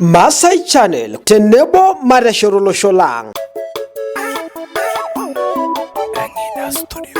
Masai Channel tenebo Mareshorolosho lang. Angina Studio.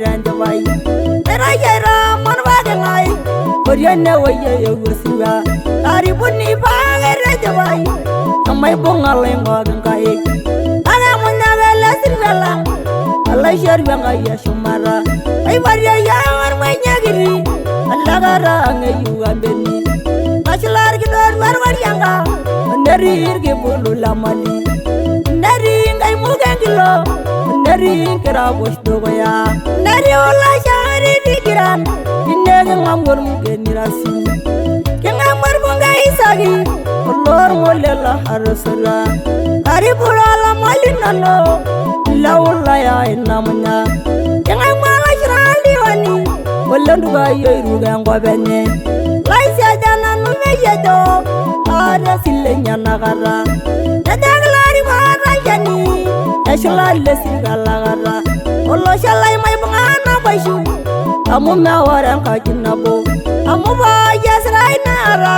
ranjabai Erayera ya marwagalai Oriana waya ya yogosiwa Taribuni bangai ranjabai Kamai bunga lengogan kai Tala munyaga lasirgala Allah sharba ngaya shumara Ay barya ya warwai ya nyagiri Allah gara ngayu ambeni Mashilar gidor warwar yanga Nerir bulu lamali ሁሉ ነሪ ገራ ወስዶ ጎያ ነሪ ሁላ ሻሪ ቢግራን ይኔ ገማሞር ሙገኒ ራሲ ገማሞር ቡንጋ ይሳጊ ሁሎር ሞሌላ አረሰራ ታሪ ቡላላ ማሊናኖ ላውላ ያ ይናሙኛ ገማሞር ሽራ ሊዋኒ ወለንዱ ባዮ ይሩገን ጓበኘ ላይሲያጃና ኑሜየዶ አረሲለኛ ናጋራ ነዳግላሪ ባራያኒ eshula le sigalagara olosho lai maibunga nabaishu amu meore nkaji nabo amu baye sirai nara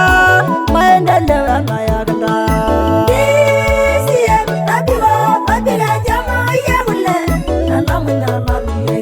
maendeleo yanayakda ndisiye abiwo babiga jamaye ule nanamunyanamie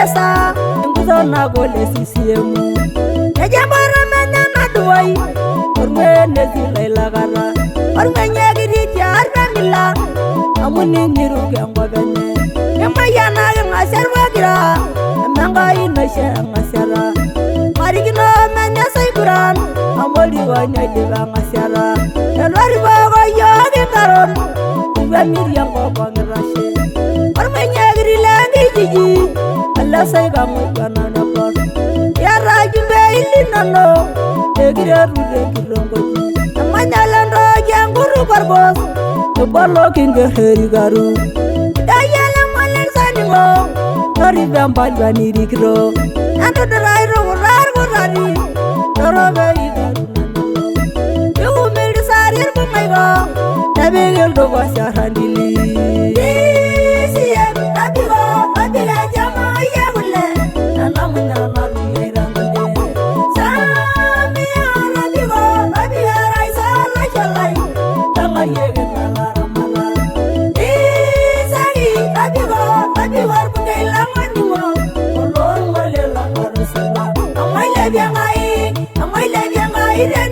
pesa mbuzo na gole CCM ejabara menya na duwai ormene zila gara ormenye girija arbenila amuni niruge ngobene emayana ngaserwagira emangai nashe ngasera marigino menya saikuran liwa yogi saiguran amoliwa nyaliba ngasera eloribogo yogindaron iwemiryango kongirashe lengi jiji lesaikamoikananapor yarakimbeilinono ekirerure kirongoji amanyalendo kienguru korbos ibolokingereri e karu dayalemolesaningo toribembalwanirikiro andudirairukurar kurari torobeidarunana iumilisarirbumaiko nebikildukosarandili Biden.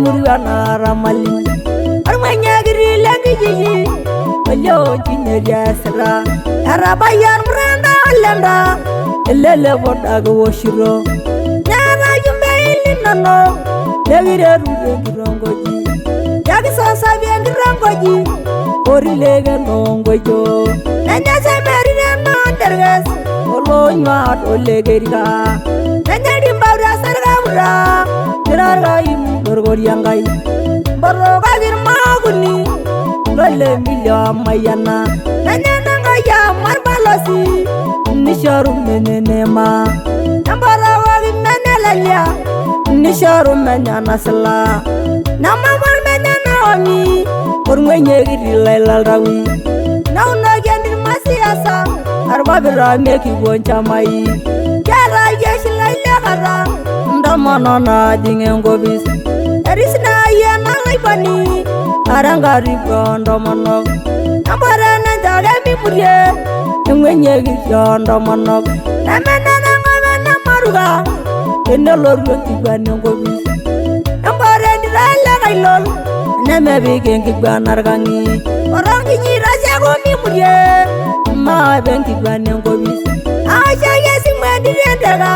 ngurianaramali armanyagirilengiyiyi olyoncineriasira arabayan muranda olenda elelebodagwoshiro nyarayumeilinano negirerurengirongoji yagisosabiengirongoji orilegenongojo nenyasemerirenonderges olonywa olegerika nenyadimbauriasergaura kirarai gorgoriangai boroga girmaguni lole milio mayana nanyenangaya mar balosi nisharu menenema namborogogi menelelia nisharu menyanasila namamar menyanaomi orngwenyegiri lailaldawi naunogiendir masiasa arbabiramekiguonchamai kerayeshilailekara amanana dinge ngobis erisna yena ngaipani arangari gondo monok ambara na jage mi murie ngwenye gi gondo monok namena na ngoba na maruga ene lorwe tibane ngobis ambara dilala gailol neme bige ngi gbanargangi orangi jira jago mi murie ma bengi gbanengobis ajage simwe dilendega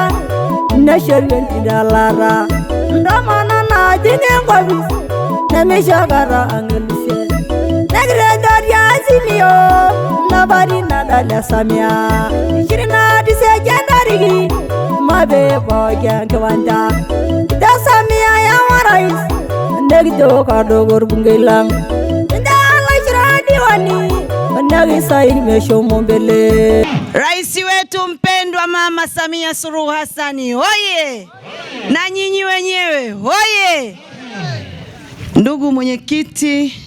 nesheriendidalara ndomana najini ngovis nemishakara angelise nekirenyoriasimio nabari nadalia samia ishirina disejendariki mabe boke nkiwanja nde samia yawarais nekijokadogor bungei lang nde alashira diwani nekisairimeshomombele Mama Samia Suluhu Hassani hoye! Na nyinyi wenyewe hoye! Ndugu mwenyekiti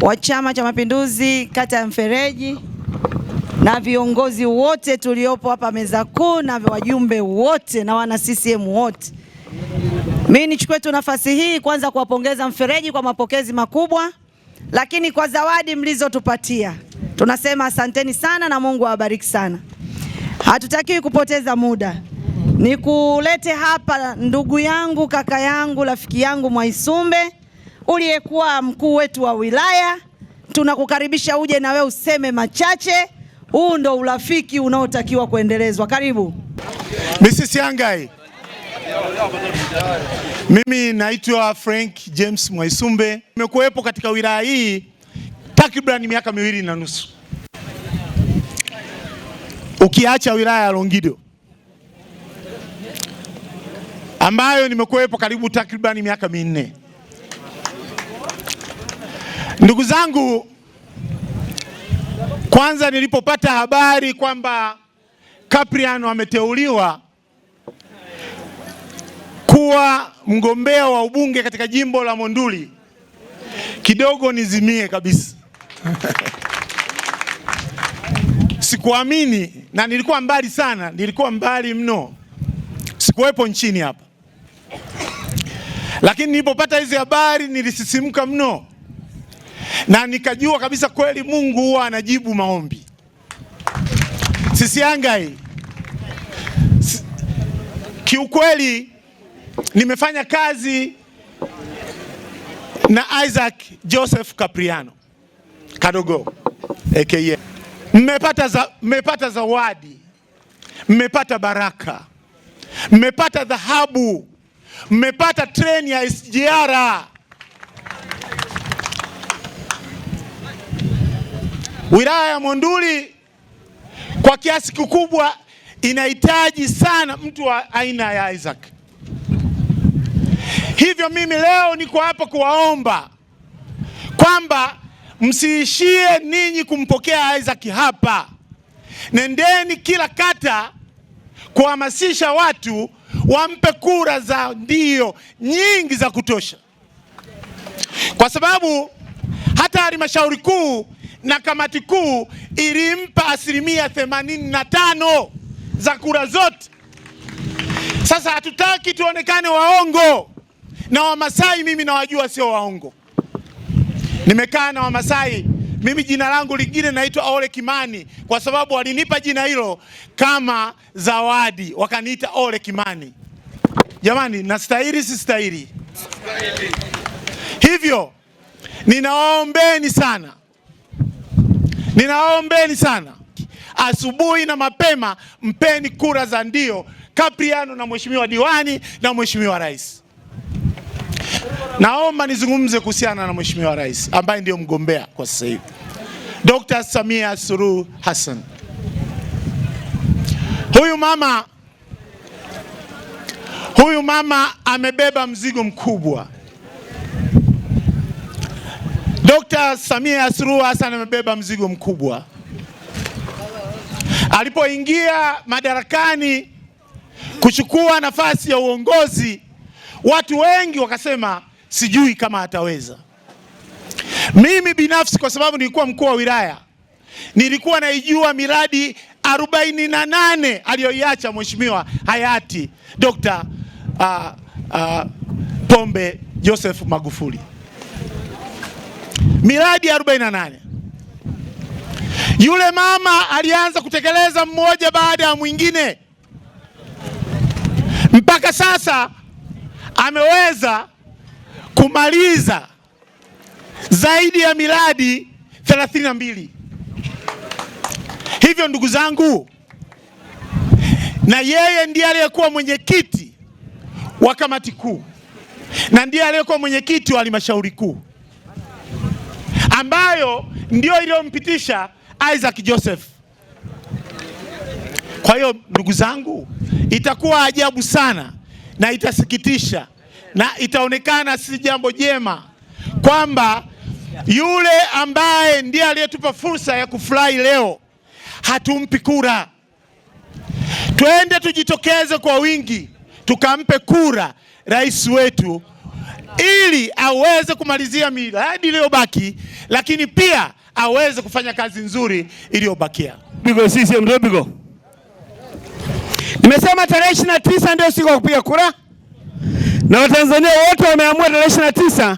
wa Chama cha Mapinduzi kata ya Mfereji na viongozi wote tuliopo hapa meza kuu na wajumbe wote na wana CCM wote, mimi nichukue tu nafasi hii kwanza kuwapongeza Mfereji kwa mapokezi makubwa, lakini kwa zawadi mlizotupatia tunasema asanteni sana na Mungu awabariki sana. Hatutakiwi kupoteza muda, nikulete hapa ndugu yangu, kaka yangu, rafiki yangu Mwaisumbe uliyekuwa mkuu wetu wa wilaya. Tunakukaribisha uje na we useme machache. Huu ndo urafiki unaotakiwa kuendelezwa. Karibu Mrs. Yangai. Mimi naitwa Frank James Mwaisumbe, nimekuwepo katika wilaya hii takriban miaka miwili na nusu ukiacha wilaya ya Longido ambayo nimekuwepo karibu takribani miaka minne. Ndugu zangu, kwanza nilipopata habari kwamba Kapriano ameteuliwa kuwa mgombea wa ubunge katika jimbo la Monduli, kidogo nizimie kabisa sikuamini na nilikuwa mbali sana, nilikuwa mbali mno, sikuwepo nchini hapa, lakini nilipopata hizi habari nilisisimka mno na nikajua kabisa kweli Mungu huwa anajibu maombi. Sisihangai kiukweli, nimefanya kazi na Isaac Joseph Capriano Kadogo aka mmepata za, mmepata zawadi, mmepata baraka, mmepata dhahabu, mmepata treni ya SGR. Wilaya ya Monduli kwa kiasi kikubwa inahitaji sana mtu wa aina ya Isaac. Hivyo mimi leo niko hapa kuwaomba kwamba Msiishie ninyi kumpokea Isaac hapa, nendeni kila kata kuhamasisha watu wampe kura za ndio nyingi za kutosha, kwa sababu hata halmashauri kuu na kamati kuu ilimpa asilimia 85 za kura zote. Sasa hatutaki tuonekane waongo, na Wamasai mimi nawajua sio waongo. Nimekaa na Wamasai. Mimi jina langu lingine naitwa Ole Kimani kwa sababu walinipa jina hilo kama zawadi, wakaniita Ole Kimani. Jamani, nastahili sistahili? Hivyo ninawaombeni sana, ninawaombeni sana, asubuhi na mapema mpeni kura za ndio Kapriano na mheshimiwa diwani na mheshimiwa rais. Naomba nizungumze kuhusiana na Mheshimiwa Rais ambaye ndiyo mgombea kwa sasa hivi Dr. Samia Suluhu Hassan. Huyu mama, huyu mama amebeba mzigo mkubwa. Dr. Samia Suluhu Hassan amebeba mzigo mkubwa. Alipoingia madarakani kuchukua nafasi ya uongozi Watu wengi wakasema sijui kama ataweza. Mimi binafsi kwa sababu nilikuwa mkuu wa wilaya, nilikuwa naijua miradi 48 aliyoiacha mheshimiwa hayati Dr. uh, uh, Pombe Joseph Magufuli, miradi 48. Yule mama alianza kutekeleza mmoja baada ya mwingine mpaka sasa ameweza kumaliza zaidi ya miradi 32. Hivyo ndugu zangu, na yeye ndiye aliyekuwa mwenyekiti wa kamati kuu na ndiye aliyekuwa mwenyekiti wa halmashauri kuu ambayo ndio iliyompitisha Isaac Joseph. Kwa hiyo ndugu zangu, itakuwa ajabu sana na itasikitisha na itaonekana si jambo jema kwamba yule ambaye ndiye aliyetupa fursa ya kufurahi leo hatumpi kura. Twende tujitokeze kwa wingi tukampe kura rais wetu ili aweze kumalizia miradi iliyobaki, lakini pia aweze kufanya kazi nzuri iliyobakia. Bigo CCM ndio bigo Nimesema tarehe ishirini na tisa ndio siku ya kupiga kura, na Watanzania wote wameamua tarehe ishirini na tisa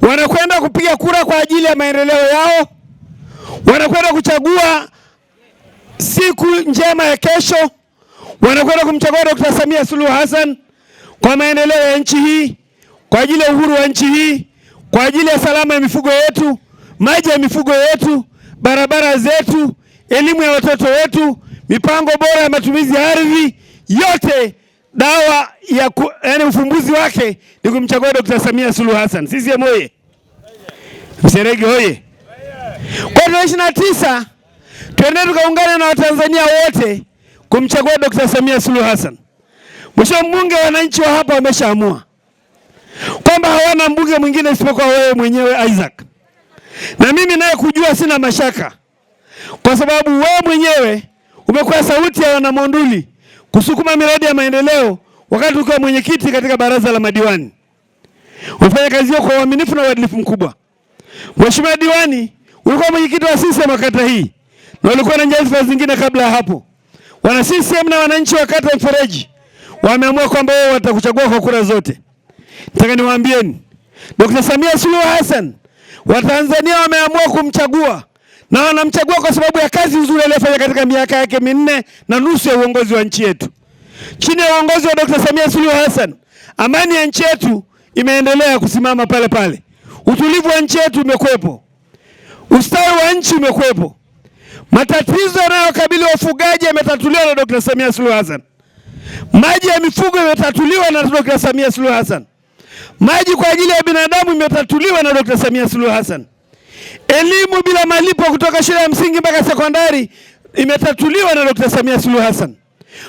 wanakwenda kupiga kura kwa ajili ya maendeleo yao, wanakwenda kuchagua siku njema ya kesho, wanakwenda kumchagua Dkt. Samia Suluhu Hassan kwa maendeleo ya nchi hii, kwa ajili ya uhuru wa nchi hii, kwa ajili ya salama ya mifugo yetu, maji ya mifugo yetu, barabara zetu, elimu ya watoto wetu mipango bora ya matumizi ya ardhi yote dawa ya ku, yani ufumbuzi wake ni kumchagua Dr. Samia Suluhu Hassan. CCM oye! Mserege hoye! Kwa tarehe ishirini na tisa tuende tukaungane na Watanzania wote kumchagua Dr. Samia Suluhu Hassan. Mwisho mbunge, wananchi wa hapa wameshaamua kwamba hawana mbunge mwingine isipokuwa wewe mwenyewe Isaac, na mimi naye kujua sina mashaka, kwa sababu wewe mwenyewe Umekuwa sauti ya wanamonduli kusukuma miradi ya maendeleo wakati ukiwa mwenyekiti katika baraza la madiwani. Umefanya kazi hiyo kwa uaminifu na uadilifu mkubwa. Mheshimiwa diwani, ulikuwa mwenyekiti wa CCM wa kata hii na ulikuwa na nyadhifa zingine kabla ya hapo. Wana CCM na wananchi wa kata Mfereji wameamua kwamba wao watakuchagua kwa kura zote. Nataka niwaambieni Dr. Samia Suluhu Hassan, Watanzania wameamua kumchagua na anamchagua kwa sababu ya kazi nzuri aliyofanya katika miaka yake minne na nusu ya uongozi wa nchi yetu. Chini ya uongozi wa Dr. Samia Suluhu Hassan, amani ya nchi yetu imeendelea kusimama pale pale, utulivu wa nchi yetu umekwepo, ustawi wa nchi umekwepo. Matatizo yanayokabili wafugaji yametatuliwa na Dr. Samia Suluhu Hassan. Maji ya mifugo imetatuliwa na Dr. Samia Suluhu Hassan. Maji kwa ajili ya binadamu imetatuliwa na Dr. Samia Suluhu Hassan. Elimu bila malipo kutoka shule ya msingi mpaka sekondari imetatuliwa na Dr. Samia Suluhu Hassan.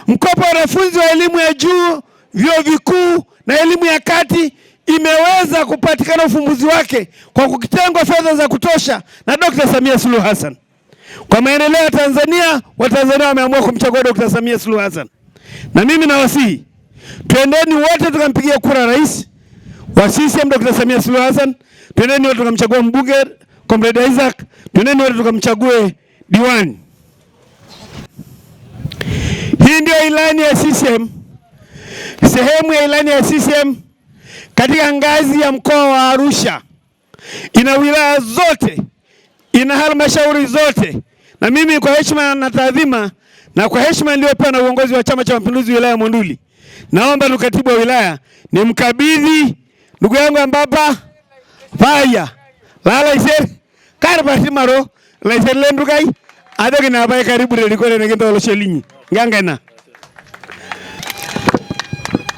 Mkopo wa wanafunzi wa elimu ya juu, vyuo vikuu na elimu ya kati imeweza kupatikana ufumbuzi wake kwa kukitengwa fedha za kutosha na Dr. Samia Suluhu Hassan. Kwa maendeleo ya Tanzania, Watanzania wameamua kumchagua Dr. Samia Suluhu Hassan, na mimi nawasihi twendeni wote tukampigia kura rais wa CCM Dr. Samia Suluhu Hassan, twendeni wote tukamchagua mbunge Comrade Isaac, tuneni wote tukamchague diwani. Hii ndio ilani ya CCM, sehemu ya ilani ya CCM katika ngazi ya mkoa wa Arusha. Ina wilaya zote, ina halmashauri zote, na mimi kwa heshima na taadhima na kwa heshima niliyopewa na uongozi wa Chama cha Mapinduzi wilaya Monduli, naomba ndugu katibu wa wilaya nimkabidhi ndugu yangu Ambapa Faya Lala Iseri kaarparrimaro ilaisiak le Ndukai ajoki naa pae karibu terikore nikintaa olosho linyi nkankaina.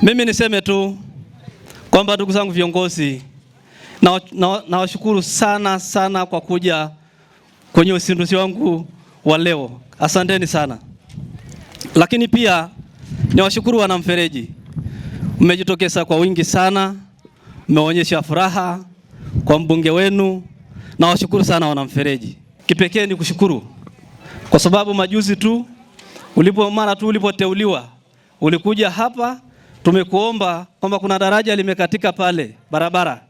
Mimi niseme tu kwamba ndugu zangu viongozi, nawashukuru na, na sana sana kwa kuja kwenye usinduzi wangu wa leo, asanteni sana. Lakini pia niwashukuru wanamfereji, mmejitokeza kwa wingi sana, mmeonyesha furaha kwa mbunge wenu Nawashukuru sana wanamfereji, kipekee ni kushukuru kwa sababu majuzi tu ulipo mara tu ulipoteuliwa ulikuja hapa, tumekuomba kwamba kuna daraja limekatika pale barabara,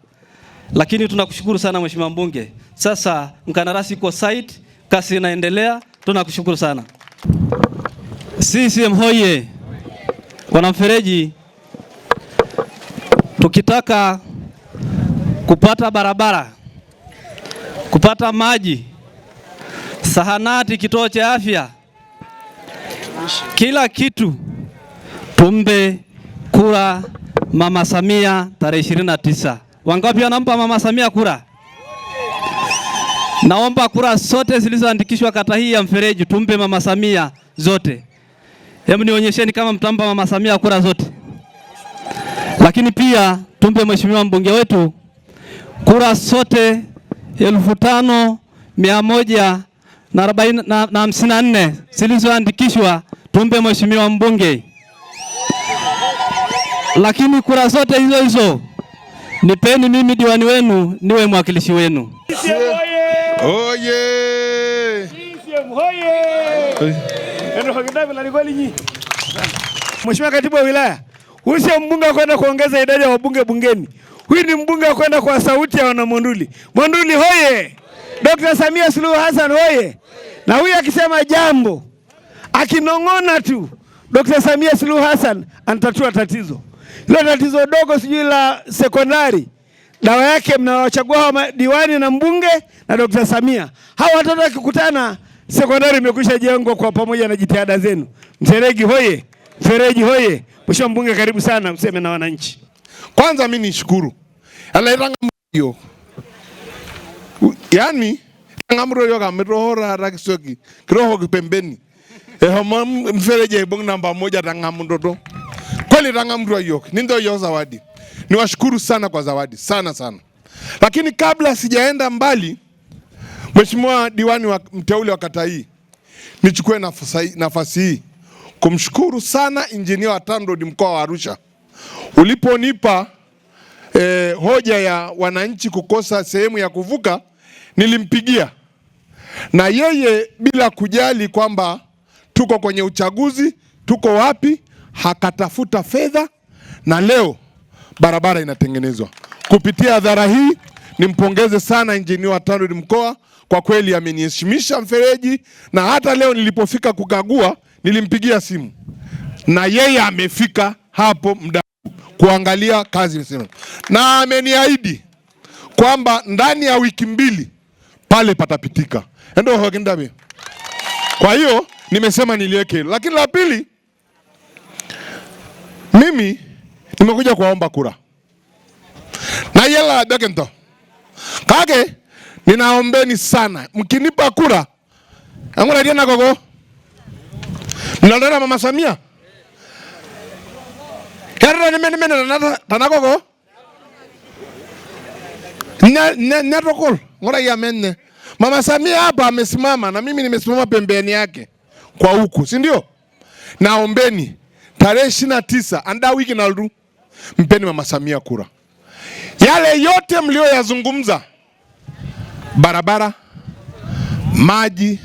lakini tunakushukuru sana mheshimiwa mbunge. Sasa mkandarasi kwa site, kasi inaendelea, tunakushukuru sana. CCM hoye! Wanamfereji, tukitaka kupata barabara kupata maji, sahanati, kituo cha afya, kila kitu. Tumbe kura Mama Samia tarehe 29. Wangapi wanampa Mama Samia kura? Naomba kura zote zilizoandikishwa kata hii ya Mfereji tumpe Mama Samia zote. Hebu nionyesheni kama mtampa Mama Samia kura zote. Lakini pia tumpe mheshimiwa mbunge wetu kura zote elfu tano mia moja na hamsini na nne zilizoandikishwa tumpe mheshimiwa mbunge, lakini kura zote hizo hizo nipeni mimi diwani wenu niwe mwakilishi wenu. Mheshimiwa katibu wa wilaya, huyu sio mbunge kwenda kuongeza idadi ya wabunge bungeni. Huyu ni mbunge wa kwenda kwa sauti ya wanamonduli monduli hoye! Dr. Samia Suluhu Hassan hoye! Na huyu akisema jambo, akinong'ona tu, Dr. Samia Suluhu Hassan anatatua tatizo hilo, tatizo dogo sijui la sekondari. Dawa yake mnawachagua hawa diwani na mbunge na Dr. Samia, hawa watoto wakikutana, sekondari imekwisha jengwa kwa pamoja na jitihada zenu. Mseregi hoye! Mfereji hoye! Mheshimiwa Mbunge, karibu sana, mseme na wananchi. Kwanza mimi nishukuru alairanga mrio yani ranga mrio kametohora rakisoki kiroho kipembeni ehoma mfereje ibong namba moja ranga mndoto kweli ranga mrio nindo yo zawadi niwashukuru sana kwa zawadi sana sana lakini kabla sijaenda mbali Mheshimiwa diwani wa mteule wa kata hii, nichukue nafasi hii kumshukuru sana injinia wa TANROADS mkoa wa Arusha Uliponipa eh, hoja ya wananchi kukosa sehemu ya kuvuka, nilimpigia na yeye bila kujali kwamba tuko kwenye uchaguzi, tuko wapi, hakatafuta fedha na leo barabara inatengenezwa kupitia hadhara hii. Nimpongeze sana injinia wa TANROADS mkoa, kwa kweli ameniheshimisha mfereji, na hata leo nilipofika kukagua nilimpigia simu na yeye amefika hapo mda kuangalia kazi imesimama, na ameniahidi kwamba ndani ya wiki mbili pale patapitika endo. Kwa hiyo nimesema niliweke hilo, lakini la pili, mimi nimekuja kuwaomba kura na yela bekento kake, ninaombeni sana, mkinipa kura anguradiana gogo mnaldana mama Samia Eton iminimini tenakoko rokol ngora ya mene. Mama Samia hapa amesimama na mimi nimesimama pembeni yake kwa huku, si ndio? Naombeni tarehe ishirini na tisa anda wiki ldu mpeni Mama Samia kura. Yale yote yazungumza barabara, maji,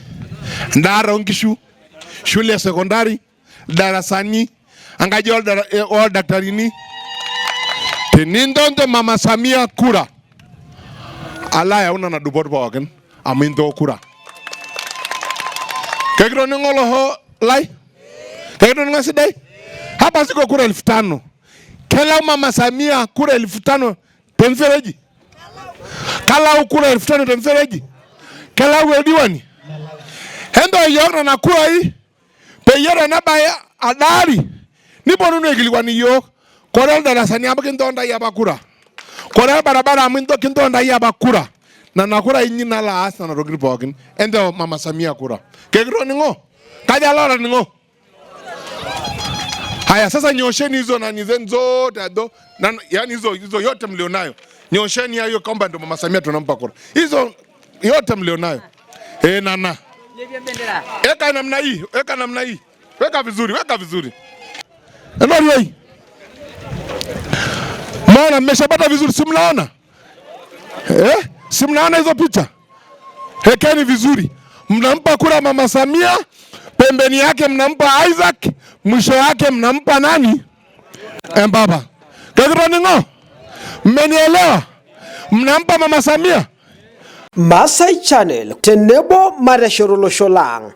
ndara ongishu, shule ya sekondari, darasani enkaji oldaktarini eh, tenintonto mama Samia kura ala na nena dupot pookin amu intoo kura kekitoning'o loho lai kekitoning'o sidai hapa siko kura elfu tano kelau mama Samia kura elfu tano temfereji kalau kura elfu tano temfereji kelau ediwani hendo yook nena kurai peyie tenebaya adari niponunu ekilikwan iyook korel darasani amu kintonda iyong apa kura korel barabara amu kintonda iyong ya bakura na nakura inyi nalo aas na rogri pookin endo mama samia kura kekiro ningo kaja lora ningo haya sasa nyosheni hizo nani zenu zote ado nan, yani hizo hizo yote mlionayo nyosheni hayo kamba ndo mama samia tunampa kura hizo yote mlionayo eh nana eka namna hii eka namna hii weka vizuri weka vizuri Emali, mwana mmeshapata vizuri, si mnaona eh? si mnaona hizo picha? Hekeni vizuri, mnampa kura mama Samia, pembeni yake mnampa Isaac, mwisho yake mnampa nani? Embaba ningo. Mmenielewa? mnampa mama Samia. Masai Channel tenebo mareshorolosholang